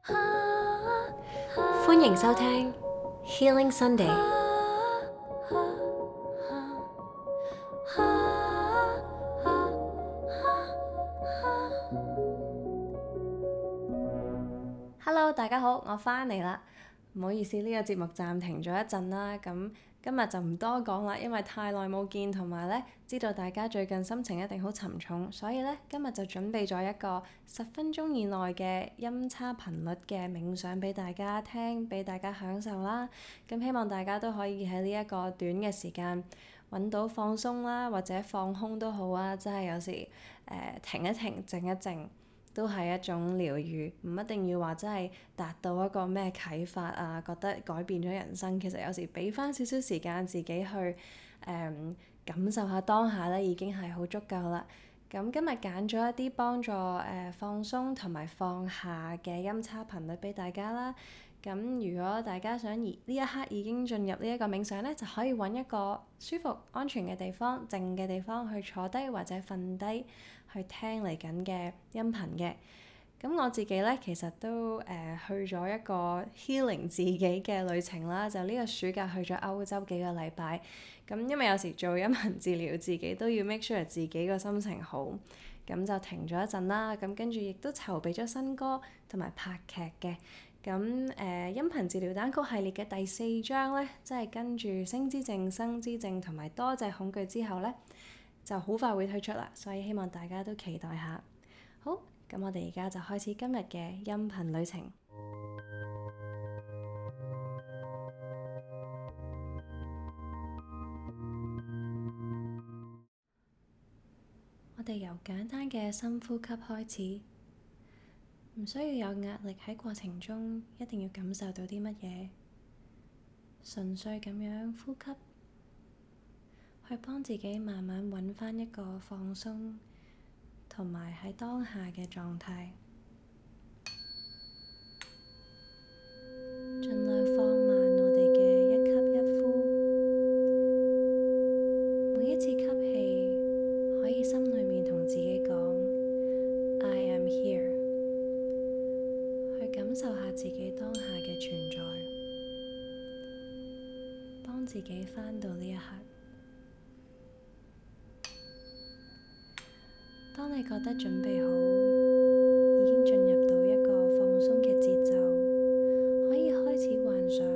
歡迎收聽 Healing Sunday。Hello，大家好，我返嚟啦。唔好意思，呢個節目暫停咗一陣啦，咁。今日就唔多講啦，因為太耐冇見，同埋咧，知道大家最近心情一定好沉重，所以咧，今日就準備咗一個十分鐘以內嘅音叉頻率嘅冥想俾大家聽，俾大家享受啦。咁希望大家都可以喺呢一個短嘅時間揾到放鬆啦，或者放空都好啊，即係有時誒、呃、停一停，靜一靜。都係一種療愈，唔一定要話真係達到一個咩啟發啊，覺得改變咗人生。其實有時俾翻少少時間自己去誒、嗯、感受下當下咧，已經係好足夠啦。咁今日揀咗一啲幫助誒、呃、放鬆同埋放下嘅音叉頻率俾大家啦。咁如果大家想而呢一刻已經進入呢一個冥想呢，就可以揾一個舒服、安全嘅地方、靜嘅地方去坐低或者瞓低去聽嚟緊嘅音頻嘅。咁我自己呢，其實都誒、呃、去咗一個 healing 自己嘅旅程啦，就呢個暑假去咗歐洲幾個禮拜。咁因為有時做音頻治療自己都要 make sure 自己個心情好，咁就停咗一陣啦。咁跟住亦都籌備咗新歌同埋拍劇嘅。咁誒、呃，音頻治療單曲系列嘅第四章呢，即係跟住《生之症」、「生之症」同埋《多隻恐懼》之後呢，就好快會推出啦，所以希望大家都期待下。好，咁我哋而家就開始今日嘅音頻旅程。 我哋由簡單嘅深呼吸開始。唔需要有壓力，喺過程中一定要感受到啲乜嘢，純粹咁樣呼吸，去幫自己慢慢揾翻一個放鬆，同埋喺當下嘅狀態。翻到呢一刻，當你覺得準備好，已經進入到一個放鬆嘅節奏，可以開始幻想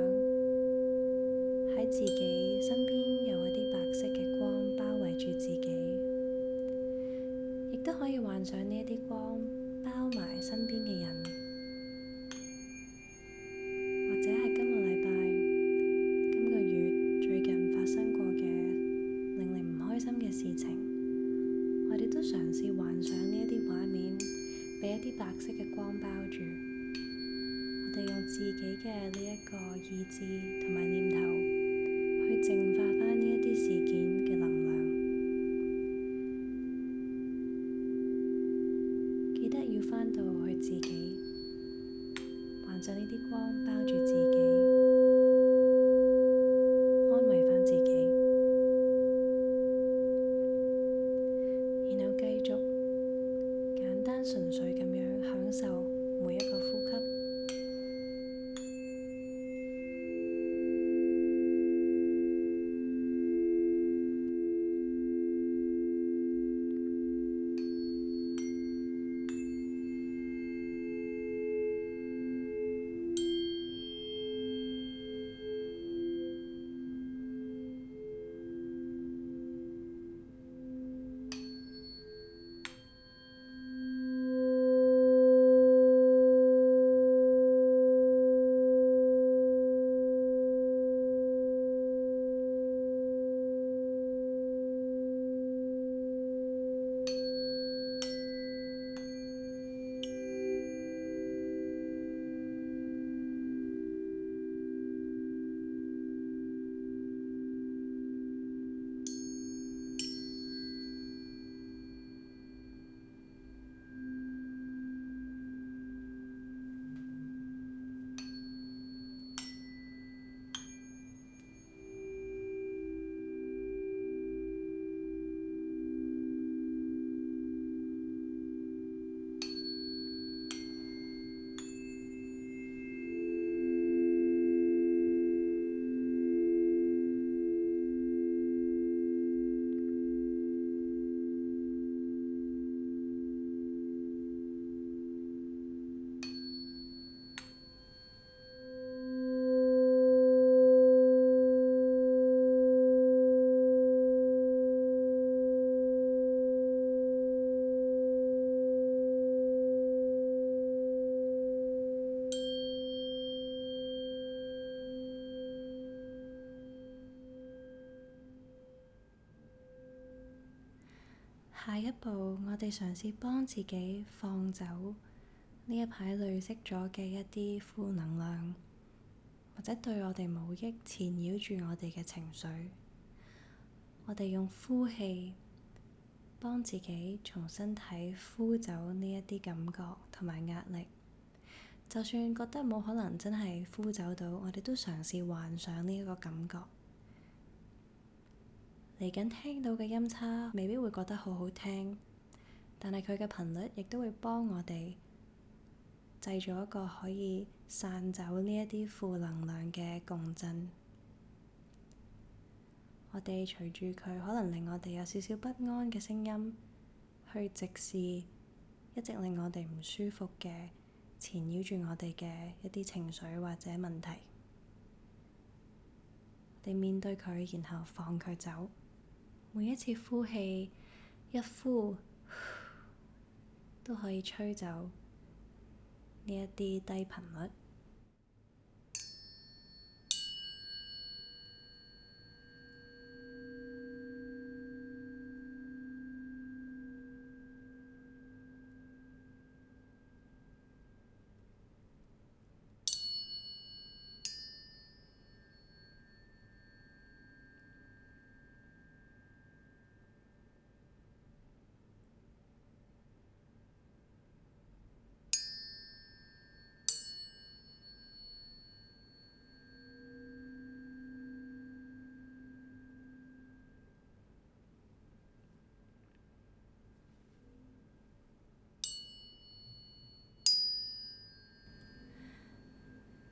喺自己身邊有一啲白色嘅光包圍住自己，亦都可以幻想呢一啲光包埋身邊嘅人。一啲白色嘅光包住，我哋用自己嘅呢一個意志同埋念頭去淨化返呢一啲事件嘅能量。記得要返到去自己，還上呢啲光包住自己。下一步，我哋嘗試幫自己放走呢一排累積咗嘅一啲負能量，或者對我哋冇益纏繞住我哋嘅情緒。我哋用呼氣幫自己從身體呼走呢一啲感覺同埋壓力。就算覺得冇可能真係呼走到，我哋都嘗試幻想呢一個感覺。嚟緊聽到嘅音叉，未必會覺得好好聽，但係佢嘅頻率亦都會幫我哋製造一個可以散走呢一啲負能量嘅共振。我哋隨住佢，可能令我哋有少少不安嘅聲音，去直視一直令我哋唔舒服嘅纏繞住我哋嘅一啲情緒或者問題，我哋面對佢，然後放佢走。每一次呼氣，一呼，呼，都可以吹走呢一啲低頻率。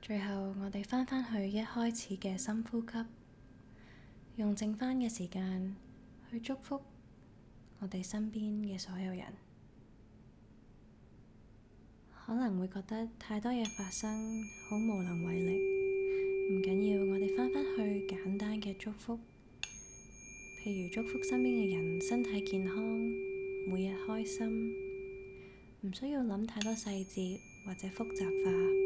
最後，我哋翻返去一開始嘅深呼吸，用剩返嘅時間去祝福我哋身邊嘅所有人。可能會覺得太多嘢發生，好無能為力。唔緊要，我哋翻返去簡單嘅祝福，譬如祝福身邊嘅人身體健康，每日開心。唔需要諗太多細節或者複雜化。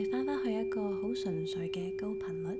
你翻返去一個好純粹嘅高頻率。